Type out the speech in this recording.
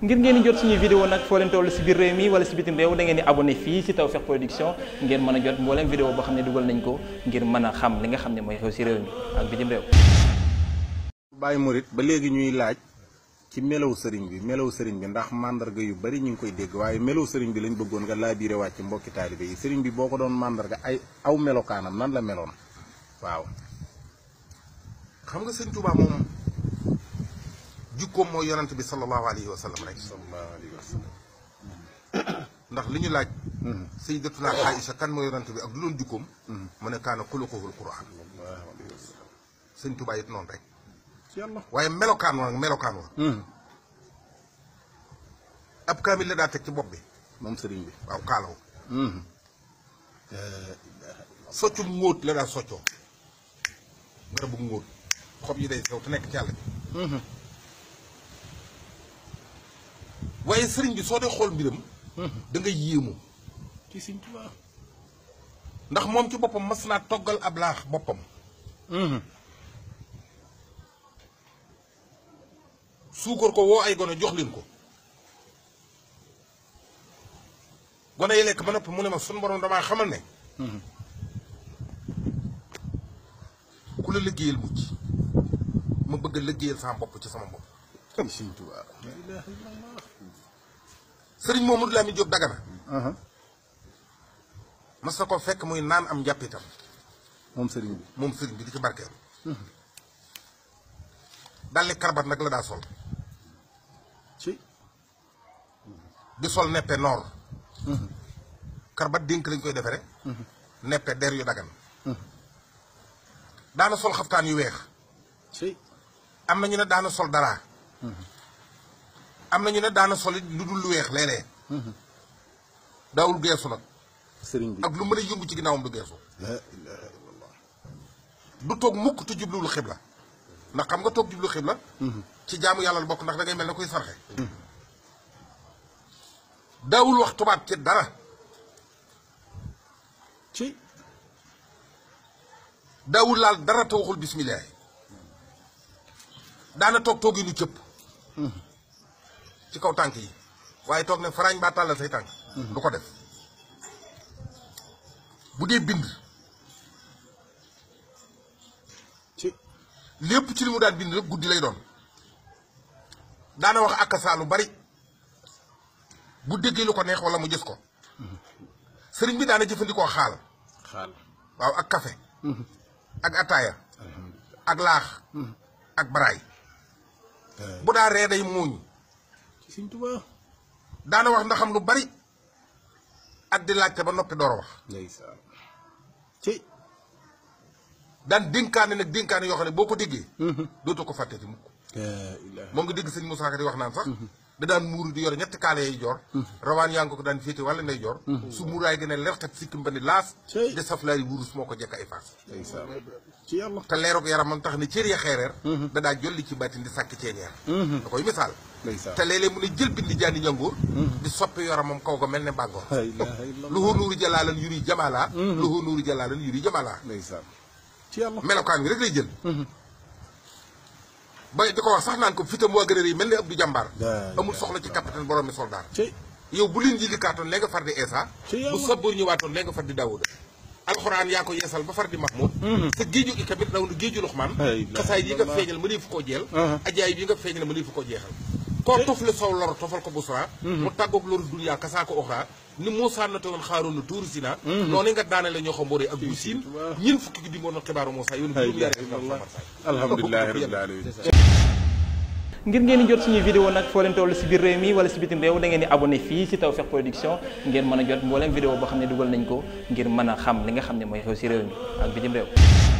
ngir ngeen di jot suñuy vidéo nag foo leen toll si biir réew mi wala si bitim réew da ngeen di abonné fii si Tawfekh Production ngeen mën a jot mbooleem vidéo boo xam ne dugal nañ ko ngir mën a xam li nga xam ne mooy xew si réew mi ak bitim réew Baye Mouride ba léegi ñuy laaj ci melaw sëriñ bi melaw sëriñ bi ndax mandarga yu bari ñu ngi koy dégg waaye melow sëriñ bi lañ bëggoon nga laa biire wàcc mbokki taalibe yi sëriñ bi boo ko doon mandarga ay aw melokaanam nan la meloon waaw nga sëñ Touba jukkoom moo yonent bi sallallahu alayhi wa sallam rek. sallallahu alayhi wa ndax li ñu laaj. Hmm. sayyidatuna Aïcha kan mooy yonent bi ak lu doon jukkoom. Hmm. mu ne kaana xuluquhul Qur'an. sëñ Tuubaa it noonu rek. waaye melokaan wa melokaan wa. Hmm. ab kaamil la daa teg ci bopp bi. moom sëriñ bi waaw kaalaw. soccum ngóot la daa soccoo. garabu ngóot xob yi day sew te nekk ci bi. waaye sëriñ bi soo dee xool mbiram. dangay nga yéemu. ndax moom ci boppam mas naa toggal ab laax boppam. suukar ko woo ay gone jox leen ko. gone yi lekk ba nopp mu ne ma sunu borom damaa xamal ne. ku la liggéeyal mucc ma bëgg a liggéeyal saa bopp ci sama bopp. kam Sëriñ Tuubaa sëriñ Mamadou Lamine Diop Dagana uh-huh. mas na ko fekk muy naan am njàppitam moom sëriñ bi moom sëriñ bi di ci barkeelu uh-huh. dalli karbat nag la daa sol ci di sol neppe noor uh-huh. karbat dénk lañ koy defere neppe der yu dagan daana sol xaftaan yu weex am na ñu ne daana sol dara am na ñu ne daana solit lu dul lu weex léeg-léeg daawul geesu nag sëriñ bi ak lu mën a yëngu ci ginnaawam du geesu la ilaha illallah du toog mukk te jubluwul xibla ndax xam nga toog jublu xibla mm-hmm. ci jaamu yàlla la bokk ndax da ngay mel ne koy sarxe daawul wax tubaab ci dara ci daawul laal dara te waxul bismillah daana toog tooginu cëpp ci kaw tànk yi waaye toog ne faraañ baa tàllal say tànk mhm. du ko def bu dee bind ci lépp ci li mu daan bind rek guddi lay doon daana wax ak lu bari bu déggee lu ko neex wala mu gis ko mhm. sëriñ bi daana jëfandikoo xaal xaal waaw ak kafe mhm. ak ataaya ak laax ak baraay Eh. bu daa ree day muuñ Sëñ Tuubaa daana wax ndaxam lu bari at di laajte ba noppi door a wax ci daan dénkaane nag dénkaane yoo xam ne boo ko déggee mm-hmm. dootu ko fàttee ci mukk moom nga dégg sëñ Moussa Ka di wax naan sax mm-hmm. da daan muuru di yor ñetti kaala yi joor rawaan yaa ko daan féete wala nday joor su muuraay gën a lertat sikkim ba ni laas de saflaari wurus moo ko jekk ay faas te leerug yaramam tax ne cër ya xeereer mhm. da daa jolli ci bàttin di sàkk ceeñeer mhm. da koy misaal te léeg-léeg mu ne jël bindi jaani ñangoor mhm. di soppi yaramam kaw ga mel ne mbàngoor luhu nuuru jalaalan yuri jamaalaa luhu nuuru jalaalan yuri jamaalaa melokaan wi rek lay jël ba di wax sax naan ko fitam waa gërër yi mel ni Abdou Jàmbaar amul soxla ci capitaine borom mi soldaar yow bu leen ji dikkaatoon léegi far di Eesa bu sabur ñëwaatoon léegi far di Daawuda alxuraan yaa ko yeesal ba far di Mahmoud sa mm-hmm. géeju gi tamit raw na géeju Luxmaan xasaay yi uh-huh. nga feeñal ma fu ko jeel ajaay yi nga feeñal ma fu ko jeexal koo tofle sow lor tofal ko busra mm-hmm. mu tàggoog loru duniyaa kasaa ko oxraa ni Moussa na tewoon xaaroonu tuuru Sina noonu nga daanale ñoo xam mbooree ak bu siin ñin fukki guddi moo na xibaaru Moussa yoon juróom yaar alhamdulilah rabbil alamin ngir ngeen di jot suñuy vidéo nag foo leen si biir réew mi wala si bitim réew da ngeen di abonné fii si Tawfekh Production ngeen mën a jot mbooleem vidéo boo xam ne dugal nañ ko ngir mën a xam li nga xam ne mooy xew si réew mi ak bitim réew